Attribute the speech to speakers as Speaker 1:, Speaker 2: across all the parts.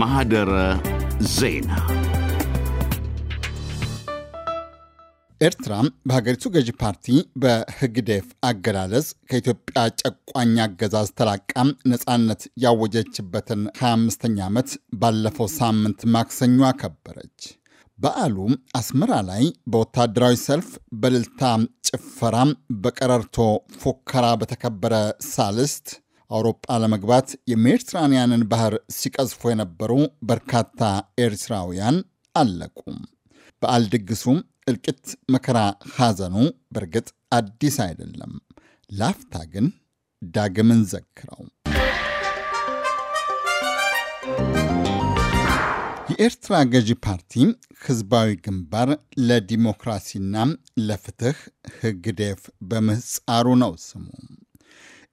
Speaker 1: ማህደረ
Speaker 2: ዜና ኤርትራ በሀገሪቱ ገዢ ፓርቲ በህግደፍ አገላለጽ ከኢትዮጵያ ጨቋኝ አገዛዝ ተላቃ ነፃነት ያወጀችበትን 25ኛ ዓመት ባለፈው ሳምንት ማክሰኞ አከበረች። በዓሉ አስመራ ላይ በወታደራዊ ሰልፍ፣ በልልታ ጭፈራ በቀረርቶ ፉከራ በተከበረ ሳልስት አውሮጳ ለመግባት የሜዲትራንያንን ባህር ሲቀዝፎ የነበሩ በርካታ ኤርትራውያን አለቁ። በዓል ድግሱም እልቂት፣ መከራ፣ ሐዘኑ በእርግጥ አዲስ አይደለም። ላፍታ ግን ዳግምን ዘክረው። የኤርትራ ገዢ ፓርቲ ህዝባዊ ግንባር ለዲሞክራሲና ለፍትህ ህግዴፍ በምህፃሩ ነው ስሙ።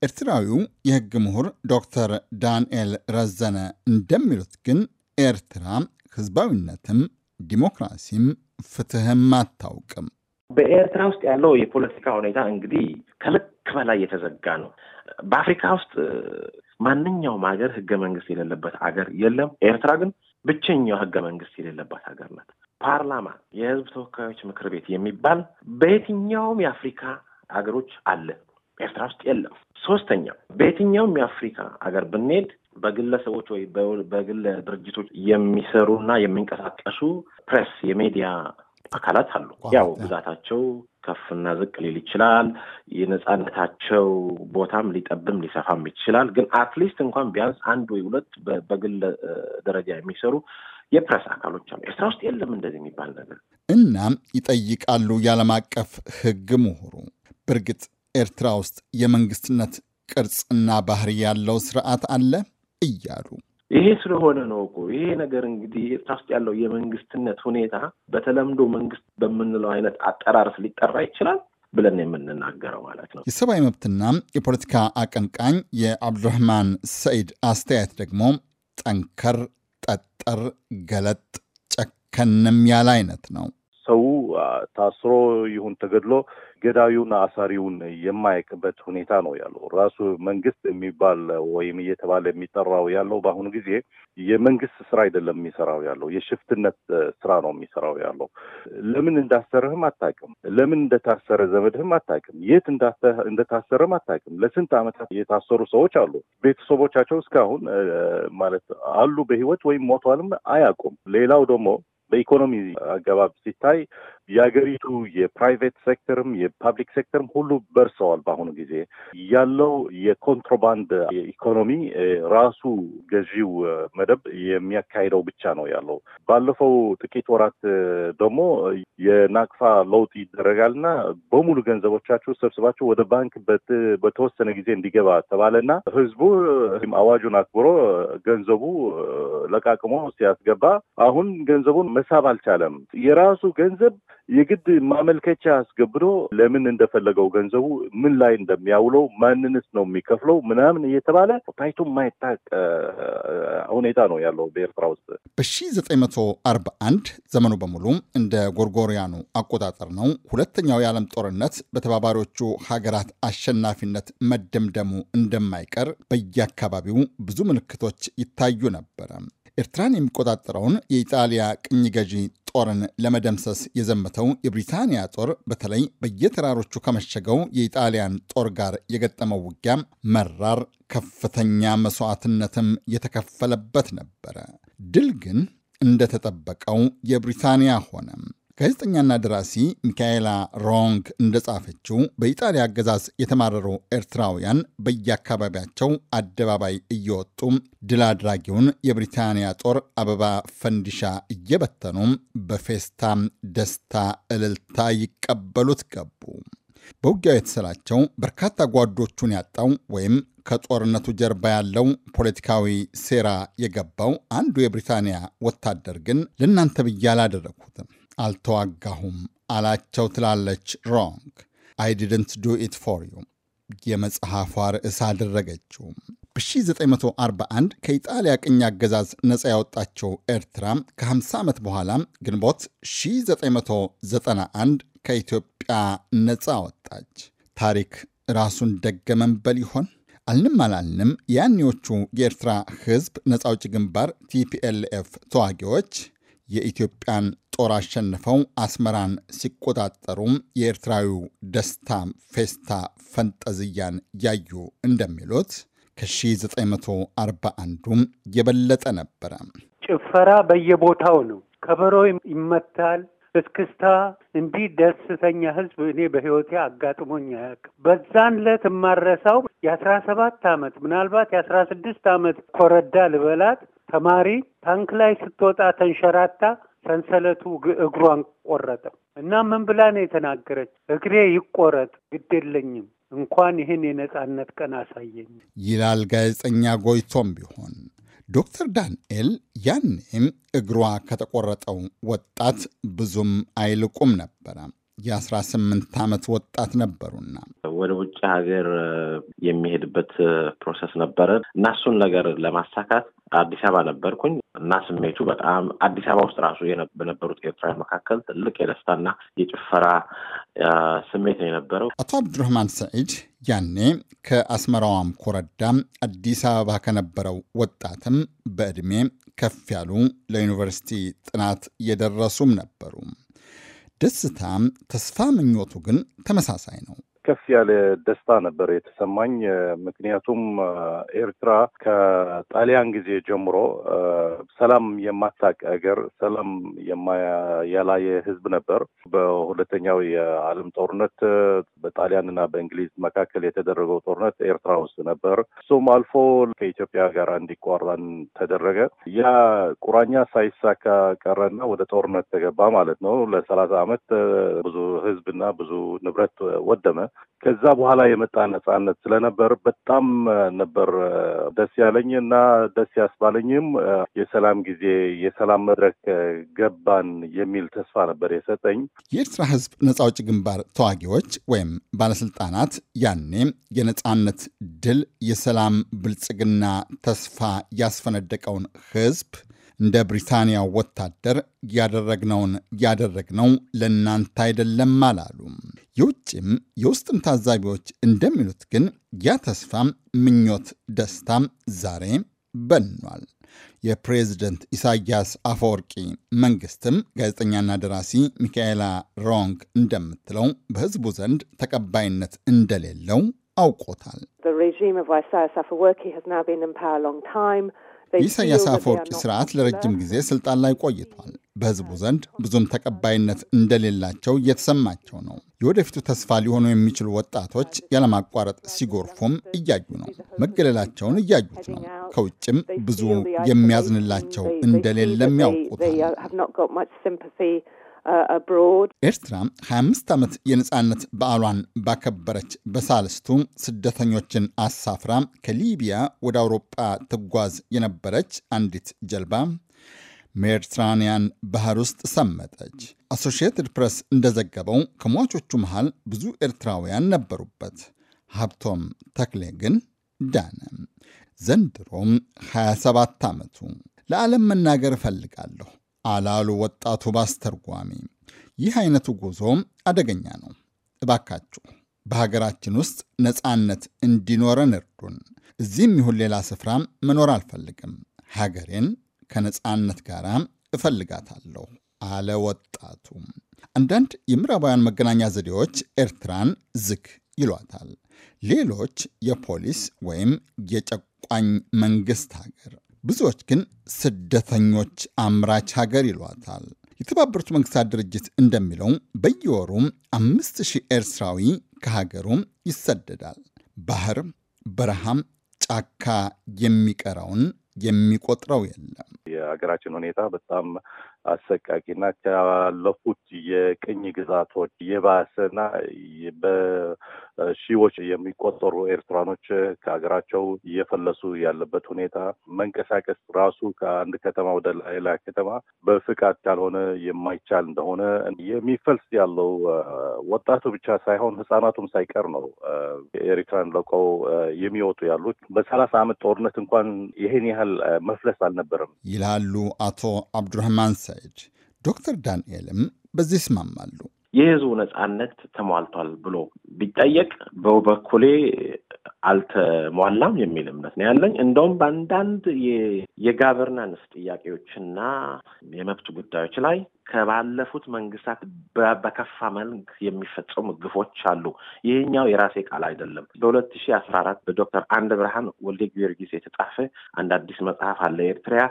Speaker 2: ኤርትራዊው የህግ ምሁር ዶክተር ዳንኤል ረዘነ እንደሚሉት ግን ኤርትራ ህዝባዊነትም ዲሞክራሲም ፍትህም አታውቅም።
Speaker 3: በኤርትራ ውስጥ ያለው የፖለቲካ ሁኔታ እንግዲህ ከልክ በላይ የተዘጋ ነው። በአፍሪካ ውስጥ ማንኛውም ሀገር ህገ መንግስት የሌለበት አገር የለም። ኤርትራ ግን ብቸኛው ህገ መንግስት የሌለባት ሀገር ናት። ፓርላማ፣ የህዝብ ተወካዮች ምክር ቤት የሚባል በየትኛውም የአፍሪካ ሀገሮች አለ፣ ኤርትራ ውስጥ የለም። ሶስተኛ በየትኛውም የአፍሪካ ሀገር ብንሄድ በግለሰቦች ወይ በግለ ድርጅቶች የሚሰሩና የሚንቀሳቀሱ ፕሬስ፣ የሚዲያ አካላት አሉ። ያው ብዛታቸው ከፍና ዝቅ ሊል ይችላል። የነፃነታቸው ቦታም ሊጠብም ሊሰፋም ይችላል። ግን አትሊስት እንኳን ቢያንስ አንድ ወይ ሁለት በግል ደረጃ የሚሰሩ የፕረስ አካሎች አሉ። ኤርትራ ውስጥ የለም እንደዚህ የሚባል ነገር።
Speaker 2: እናም ይጠይቃሉ የዓለም አቀፍ ሕግ ምሁሩ በእርግጥ ኤርትራ ውስጥ የመንግስትነት ቅርጽና ባህሪ ያለው ስርዓት አለ እያሉ ይሄ
Speaker 3: ስለሆነ ነው እኮ ይሄ ነገር እንግዲህ ኤርትራ ውስጥ ያለው የመንግስትነት ሁኔታ በተለምዶ መንግስት በምንለው አይነት አጠራርስ ሊጠራ ይችላል ብለን የምንናገረው ማለት ነው።
Speaker 2: የሰብአዊ መብትና የፖለቲካ አቀንቃኝ የአብዱራህማን ሰኢድ አስተያየት ደግሞ ጠንከር፣ ጠጠር፣ ገለጥ፣ ጨከንም ያለ አይነት ነው።
Speaker 1: ሰው ታስሮ ይሁን ተገድሎ ገዳዩን አሳሪውን የማያውቅበት ሁኔታ ነው ያለው። ራሱ መንግስት የሚባል ወይም እየተባለ የሚጠራው ያለው በአሁኑ ጊዜ የመንግስት ስራ አይደለም የሚሰራው ያለው የሽፍትነት ስራ ነው የሚሰራው ያለው። ለምን እንዳሰረህም አታውቅም። ለምን እንደታሰረ ዘመድህም አታውቅም። የት እንደታሰረም አታውቅም። ለስንት ዓመታት የታሰሩ ሰዎች አሉ። ቤተሰቦቻቸው እስካሁን ማለት አሉ በህይወት ወይም ሞቷልም አያውቁም። ሌላው ደግሞ በኢኮኖሚ አገባብ ሲታይ የሀገሪቱ የፕራይቬት ሴክተርም የፓብሊክ ሴክተርም ሁሉ በርሰዋል። በአሁኑ ጊዜ ያለው የኮንትሮባንድ ኢኮኖሚ ራሱ ገዢው መደብ የሚያካሂደው ብቻ ነው ያለው። ባለፈው ጥቂት ወራት ደግሞ የናቅፋ ለውጥ ይደረጋልና በሙሉ ገንዘቦቻችሁ ሰብስባችሁ ወደ ባንክ በተወሰነ ጊዜ እንዲገባ ተባለና ህዝቡ አዋጁን አክብሮ ገንዘቡ ለቃቅሞ ሲያስገባ አሁን ገንዘቡን መሳብ አልቻለም። የራሱ ገንዘብ የግድ ማመልከቻ አስገብዶ ለምን እንደፈለገው ገንዘቡ ምን ላይ እንደሚያውለው ማንንስ ነው የሚከፍለው ምናምን እየተባለ ታይቶ የማይታወቅ ሁኔታ ነው ያለው በኤርትራ
Speaker 2: ውስጥ አርባ አንድ ዘመኑ በሙሉ እንደ ጎርጎሪያኑ አቆጣጠር ነው። ሁለተኛው የዓለም ጦርነት በተባባሪዎቹ ሀገራት አሸናፊነት መደምደሙ እንደማይቀር በየአካባቢው ብዙ ምልክቶች ይታዩ ነበረ። ኤርትራን የሚቆጣጠረውን የኢጣሊያ ቅኝ ገዢ ጦርን ለመደምሰስ የዘመተው የብሪታንያ ጦር በተለይ በየተራሮቹ ከመሸገው የኢጣሊያን ጦር ጋር የገጠመው ውጊያ መራር፣ ከፍተኛ መስዋዕትነትም የተከፈለበት ነበረ። ድል ግን እንደተጠበቀው የብሪታንያ ሆነም። ጋዜጠኛና ደራሲ ሚካኤላ ሮንግ እንደጻፈችው በኢጣሊያ አገዛዝ የተማረሩ ኤርትራውያን በየአካባቢያቸው አደባባይ እየወጡ ድል አድራጊውን የብሪታንያ ጦር አበባ ፈንዲሻ እየበተኑ በፌስታም ደስታ፣ እልልታ ይቀበሉት ገቡ። በውጊያው የተሰላቸው በርካታ ጓዶቹን ያጣው ወይም ከጦርነቱ ጀርባ ያለው ፖለቲካዊ ሴራ የገባው አንዱ የብሪታንያ ወታደር ግን ለእናንተ ብዬ አላደረግሁትም አልተዋጋሁም አላቸው ትላለች ሮንግ። አይ ዲድንት ዱ ኢት ፎር ዩ የመጽሐፏ ርዕስ አደረገችው። በ1941 ከኢጣሊያ ቅኝ አገዛዝ ነፃ ያወጣችው ኤርትራ ከ50 ዓመት በኋላ ግንቦት 1991 ከኢትዮጵያ ነፃ ወጣች። ታሪክ ራሱን ደገመንበል ይሆን? አልንም አላልንም፣ ያኔዎቹ የኤርትራ ሕዝብ ነፃ አውጪ ግንባር ቲፒኤልኤፍ ተዋጊዎች የኢትዮጵያን ጦር አሸንፈው አስመራን ሲቆጣጠሩም የኤርትራዊ ደስታ ፌስታ ፈንጠዝያን ያዩ እንደሚሉት ከ1941ዱም የበለጠ ነበረ።
Speaker 3: ጭፈራ በየቦታው ነው። ከበሮ ይመታል፣ እስክስታ። እንዲህ ደስተኛ ህዝብ እኔ በህይወቴ አጋጥሞኝ አያውቅም። በዛን ዕለት የማረሳው የአስራ ሰባት አመት ምናልባት የአስራ ስድስት አመት ኮረዳ ልበላት ተማሪ ታንክ ላይ ስትወጣ ተንሸራታ ሰንሰለቱ እግሯን ቆረጠ እና ምን ብላ ነው የተናገረች? እግሬ ይቆረጥ ግድ የለኝም እንኳን ይህን የነጻነት ቀን አሳየኝ
Speaker 2: ይላል ጋዜጠኛ ጎይቶም ቢሆን። ዶክተር ዳንኤል ያኔም እግሯ ከተቆረጠው ወጣት ብዙም አይልቁም ነበረ። የ18 ዓመት ወጣት ነበሩና
Speaker 3: ወደ ውጭ ሀገር የሚሄድበት ፕሮሰስ ነበረ እና እሱን ነገር ለማሳካት አዲስ አበባ ነበርኩኝ እና ስሜቱ በጣም አዲስ አበባ ውስጥ ራሱ በነበሩት ኤርትራ መካከል ትልቅ የደስታና የጭፈራ ስሜት ነው የነበረው።
Speaker 2: አቶ አብዱረህማን ሰዒድ ያኔ ከአስመራዋም ኮረዳም አዲስ አበባ ከነበረው ወጣትም በዕድሜ ከፍ ያሉ ለዩኒቨርሲቲ ጥናት የደረሱም ነበሩ። ደስታም ተስፋ ምኞቱ ግን ተመሳሳይ ነው።
Speaker 1: ከፍ ያለ ደስታ ነበር የተሰማኝ። ምክንያቱም ኤርትራ ከጣሊያን ጊዜ ጀምሮ ሰላም የማታቅ አገር፣ ሰላም ያላየ ህዝብ ነበር። በሁለተኛው የዓለም ጦርነት በጣሊያንና በእንግሊዝ መካከል የተደረገው ጦርነት ኤርትራ ውስጥ ነበር። እሱም አልፎ ከኢትዮጵያ ጋር እንዲቋራን ተደረገ። ያ ቁራኛ ሳይሳካ ቀረና ወደ ጦርነት ተገባ ማለት ነው። ለሰላሳ ዓመት ብዙ ህዝብና ብዙ ንብረት ወደመ። ከዛ በኋላ የመጣ ነጻነት ስለነበር በጣም ነበር ደስ ያለኝ እና ደስ ያስባለኝም። የሰላም ጊዜ የሰላም መድረክ ገባን የሚል ተስፋ ነበር የሰጠኝ።
Speaker 2: የኤርትራ ሕዝብ ነጻ አውጪ ግንባር ተዋጊዎች ወይም ባለስልጣናት ያኔ የነጻነት ድል የሰላም ብልጽግና ተስፋ ያስፈነደቀውን ሕዝብ እንደ ብሪታንያ ወታደር ያደረግነውን ያደረግነው ለእናንተ አይደለም አላሉ። የውጭም የውስጥም ታዛቢዎች እንደሚሉት ግን ያ ተስፋ፣ ምኞት፣ ደስታም ዛሬ በኗል። የፕሬዝደንት ኢሳያስ አፈወርቂ መንግስትም ጋዜጠኛና ደራሲ ሚካኤላ ሮንግ እንደምትለው በህዝቡ ዘንድ ተቀባይነት እንደሌለው አውቆታል።
Speaker 1: የኢሳያስ አፈወርቂ ስርዓት ለረጅም ጊዜ
Speaker 2: ስልጣን ላይ ቆይቷል። በህዝቡ ዘንድ ብዙም ተቀባይነት እንደሌላቸው እየተሰማቸው ነው። የወደፊቱ ተስፋ ሊሆኑ የሚችሉ ወጣቶች ያለማቋረጥ ሲጎርፉም እያዩ ነው። መገለላቸውን እያዩት ነው። ከውጭም ብዙ የሚያዝንላቸው እንደሌለም ያውቁታል።
Speaker 1: Uh,
Speaker 2: ኤርትራ 25 ዓመት የነፃነት በዓሏን ባከበረች በሳልስቱ ስደተኞችን አሳፍራ ከሊቢያ ወደ አውሮጳ ትጓዝ የነበረች አንዲት ጀልባ ሜዲትራኒያን ባህር ውስጥ ሰመጠች። አሶሺየትድ ፕሬስ እንደዘገበው ከሟቾቹ መሃል ብዙ ኤርትራውያን ነበሩበት። ሀብቶም ተክሌ ግን ዳነ። ዘንድሮም 27 ዓመቱ። ለዓለም መናገር እፈልጋለሁ አላሉ ወጣቱ ባስተርጓሚ። ይህ አይነቱ ጉዞ አደገኛ ነው። እባካችሁ በሀገራችን ውስጥ ነፃነት እንዲኖረን እርዱን። እዚህም ይሁን ሌላ ስፍራ መኖር አልፈልግም። ሀገሬን ከነፃነት ጋር እፈልጋታለሁ አለ ወጣቱ። አንዳንድ የምዕራባውያን መገናኛ ዘዴዎች ኤርትራን ዝግ ይሏታል። ሌሎች የፖሊስ ወይም የጨቋኝ መንግስት ሀገር ብዙዎች ግን ስደተኞች አምራች ሀገር ይሏታል። የተባበሩት መንግስታት ድርጅት እንደሚለው በየወሩም አምስት ሺህ ኤርትራዊ ከሀገሩም ይሰደዳል። ባህር፣ በረሃም፣ ጫካ የሚቀረውን የሚቆጥረው የለም።
Speaker 1: የሀገራችን ሁኔታ በጣም አሰቃቂና ካለፉት የቅኝ ግዛቶች የባሰና ሺዎች የሚቆጠሩ ኤርትራኖች ከሀገራቸው እየፈለሱ ያለበት ሁኔታ መንቀሳቀስ ራሱ ከአንድ ከተማ ወደ ሌላ ከተማ በፍቃድ ካልሆነ የማይቻል እንደሆነ የሚፈልስ ያለው ወጣቱ ብቻ ሳይሆን ህጻናቱም ሳይቀር ነው ኤርትራን ለቀው የሚወጡ ያሉት። በሰላሳ ዓመት ጦርነት እንኳን ይህን ያህል መፍለስ አልነበረም
Speaker 2: ይላሉ አቶ አብዱራህማን ሰይድ። ዶክተር ዳንኤልም በዚህ ይስማማሉ።
Speaker 1: የህዝቡ ነጻነት
Speaker 3: ተሟልቷል ብሎ ቢጠየቅ በበኩሌ አልተሟላም የሚል እምነት ነው ያለኝ። እንደውም በአንዳንድ የጋቨርናንስ ጥያቄዎችና የመብት ጉዳዮች ላይ ከባለፉት መንግስታት በከፋ መልክ የሚፈጸሙ ግፎች አሉ። ይህኛው የራሴ ቃል አይደለም። በሁለት ሺ አስራ አራት በዶክተር አንድ ብርሃን ወልደ ጊዮርጊስ የተጻፈ አንድ አዲስ መጽሐፍ አለ ኤርትሪያ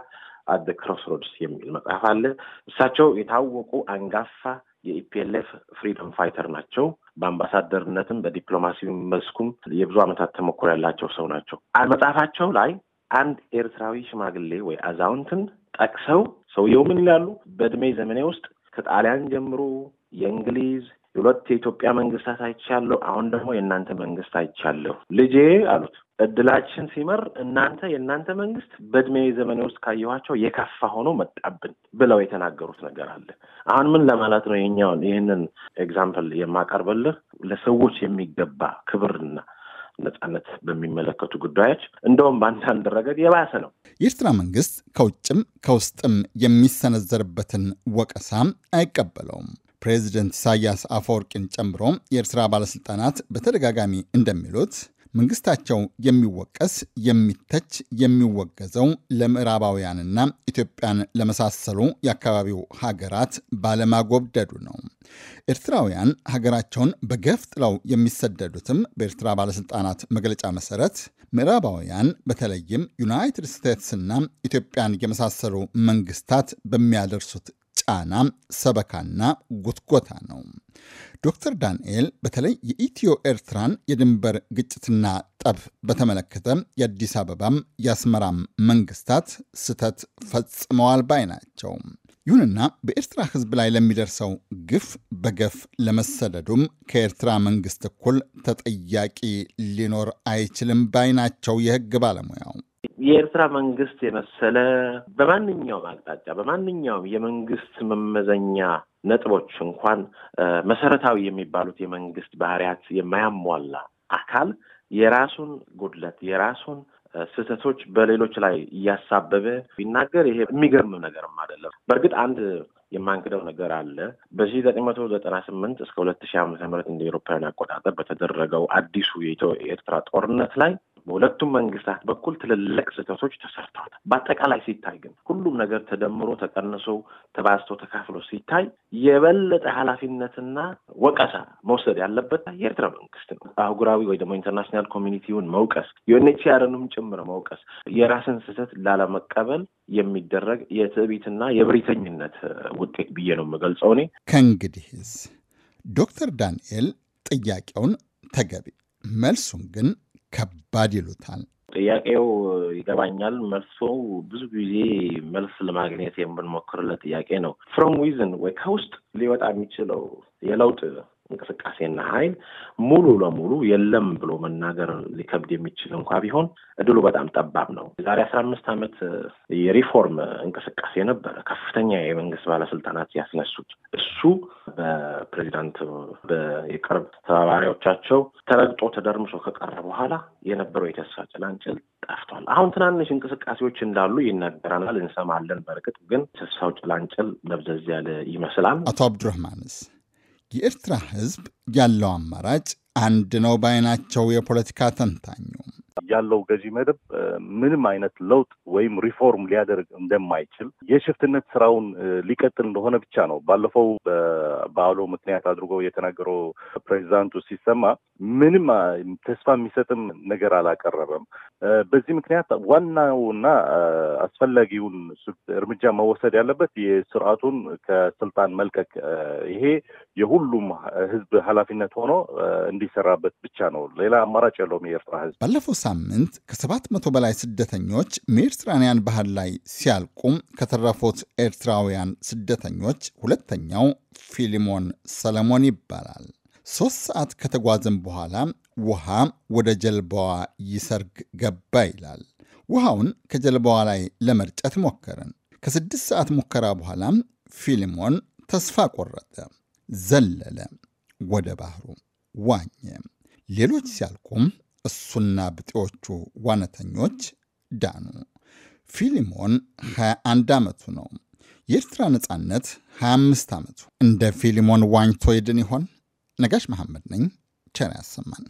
Speaker 3: አደ ክሮስሮድስ የሚል መጽሐፍ አለ። እሳቸው የታወቁ አንጋፋ የኢፒኤልኤፍ ፍሪደም ፋይተር ናቸው። በአምባሳደርነትም በዲፕሎማሲ መስኩም የብዙ ዓመታት ተሞክሮ ያላቸው ሰው ናቸው። መጽሐፋቸው ላይ አንድ ኤርትራዊ ሽማግሌ ወይ አዛውንትን ጠቅሰው ሰውየው ምን ይላሉ? በእድሜ ዘመኔ ውስጥ ከጣሊያን ጀምሮ የእንግሊዝ የሁለት የኢትዮጵያ መንግስታት አይቻለሁ። አሁን ደግሞ የእናንተ መንግስት አይቻለሁ። ልጄ አሉት እድላችን ሲመር እናንተ የእናንተ መንግስት በእድሜ ዘመን ውስጥ ካየኋቸው የከፋ ሆኖ መጣብን ብለው የተናገሩት ነገር አለ። አሁን ምን ለማለት ነው? የኛውን ይህንን ኤግዛምፕል የማቀርብልህ ለሰዎች የሚገባ ክብርና ነጻነት በሚመለከቱ ጉዳዮች እንደውም በአንዳንድ ረገድ የባሰ ነው።
Speaker 2: የኤርትራ መንግስት ከውጭም ከውስጥም የሚሰነዘርበትን ወቀሳ አይቀበለውም። ፕሬዚደንት ኢሳያስ አፈወርቂን ጨምሮ የኤርትራ ባለስልጣናት በተደጋጋሚ እንደሚሉት መንግስታቸው የሚወቀስ የሚተች የሚወገዘው ለምዕራባውያንና ኢትዮጵያን ለመሳሰሉ የአካባቢው ሀገራት ባለማጎብደዱ ነው። ኤርትራውያን ሀገራቸውን በገፍ ጥለው የሚሰደዱትም በኤርትራ ባለስልጣናት መግለጫ መሰረት ምዕራባውያን በተለይም ዩናይትድ ስቴትስና ኢትዮጵያን የመሳሰሉ መንግስታት በሚያደርሱት ጫና፣ ሰበካና ጉትጎታ ነው። ዶክተር ዳንኤል በተለይ የኢትዮ ኤርትራን የድንበር ግጭትና ጠብ በተመለከተ የአዲስ አበባም የአስመራም መንግስታት ስህተት ፈጽመዋል ባይ ናቸው። ይሁንና በኤርትራ ሕዝብ ላይ ለሚደርሰው ግፍ በገፍ ለመሰደዱም ከኤርትራ መንግስት እኩል ተጠያቂ ሊኖር አይችልም ባይ ናቸው የህግ ባለሙያው።
Speaker 3: የኤርትራ መንግስት የመሰለ በማንኛውም አቅጣጫ በማንኛውም የመንግስት መመዘኛ ነጥቦች እንኳን መሰረታዊ የሚባሉት የመንግስት ባህሪያት የማያሟላ አካል የራሱን ጉድለት የራሱን ስህተቶች በሌሎች ላይ እያሳበበ ቢናገር ይሄ የሚገርም ነገርም አይደለም። በእርግጥ አንድ የማንክደው ነገር አለ። በዚህ ዘጠኝ መቶ ዘጠና ስምንት እስከ ሁለት ሺህ ዓመተ ምህረት እንደ ኤሮፓውያን አቆጣጠር በተደረገው አዲሱ የኢትዮ ኤርትራ ጦርነት ላይ በሁለቱም መንግስታት በኩል ትልልቅ ስህተቶች ተሰርተዋል። በአጠቃላይ ሲታይ ግን ሁሉም ነገር ተደምሮ ተቀንሶ ተባዝቶ ተካፍሎ ሲታይ የበለጠ ኃላፊነትና ወቀሳ መውሰድ ያለበት የኤርትራ መንግስት ነው። አህጉራዊ ወይ ደግሞ ኢንተርናሽናል ኮሚኒቲውን መውቀስ፣ ዩኤንኤችሲአርንም ጭምር መውቀስ፣ የራስን ስህተት ላለመቀበል የሚደረግ የትዕቢትና የብሪተኝነት ውጤት ብዬ ነው የምገልጸው። እኔ
Speaker 2: ከእንግዲህስ ዶክተር ዳንኤል ጥያቄውን ተገቢ መልሱን ግን ከባድ ይሉታል?
Speaker 3: ጥያቄው ይገባኛል። መልሶ ብዙ ጊዜ መልስ ለማግኘት የምንሞክርለት ጥያቄ ነው። ፍሮም ዊዝን ወይ ከውስጥ ሊወጣ የሚችለው የለውጥ እንቅስቃሴና ኃይል ሙሉ ለሙሉ የለም ብሎ መናገር ሊከብድ የሚችል እንኳ ቢሆን እድሉ በጣም ጠባብ ነው። የዛሬ አስራ አምስት ዓመት የሪፎርም እንቅስቃሴ ነበረ ከፍተኛ የመንግስት ባለስልጣናት ያስነሱት። እሱ በፕሬዚዳንት የቅርብ ተባባሪዎቻቸው ተረግጦ ተደርምሶ ከቀረ በኋላ የነበረው የተስፋ ጭላንጭል ጠፍቷል። አሁን ትናንሽ እንቅስቃሴዎች እንዳሉ ይነገረናል፣ እንሰማለን። በእርግጥ ግን ተስፋው ጭላንጭል ለብዘዝ ያለ ይመስላል።
Speaker 2: አቶ አብዱረህማንስ የኤርትራ ህዝብ ያለው አማራጭ አንድ ነው ባይናቸው የፖለቲካ ተንታኙ
Speaker 1: ያለው ገዢ መደብ ምንም አይነት ለውጥ ወይም ሪፎርም ሊያደርግ እንደማይችል የሽፍትነት ስራውን ሊቀጥል እንደሆነ ብቻ ነው። ባለፈው በበዓሉ ምክንያት አድርጎ የተናገረው ፕሬዚዳንቱ ሲሰማ ምንም ተስፋ የሚሰጥም ነገር አላቀረበም። በዚህ ምክንያት ዋናውና አስፈላጊውን እርምጃ መወሰድ ያለበት የስርዓቱን ከስልጣን መልቀቅ፣ ይሄ የሁሉም ህዝብ ኃላፊነት ሆኖ እንዲሰራበት ብቻ ነው። ሌላ አማራጭ የለውም የኤርትራ ህዝብ
Speaker 2: ሳምንት ከ700 በላይ ስደተኞች ሜዲትራንያን ባህር ላይ ሲያልቁም ከተረፉት ኤርትራውያን ስደተኞች ሁለተኛው ፊሊሞን ሰለሞን ይባላል። ሦስት ሰዓት ከተጓዘም በኋላ ውሃ ወደ ጀልባዋ ይሰርግ ገባ ይላል። ውሃውን ከጀልባዋ ላይ ለመርጨት ሞከርን። ከስድስት ሰዓት ሙከራ በኋላ ፊሊሞን ተስፋ ቆረጠ። ዘለለ፣ ወደ ባህሩ ዋኘ። ሌሎች ሲያልቁም እሱና ብጤዎቹ ዋነተኞች ዳኑ። ፊሊሞን 21 ዓመቱ ነው። የኤርትራ ነፃነት 25 ዓመቱ። እንደ ፊሊሞን ዋኝቶ ይድን ይሆን? ነጋሽ መሐመድ ነኝ። ቸር ያሰማን።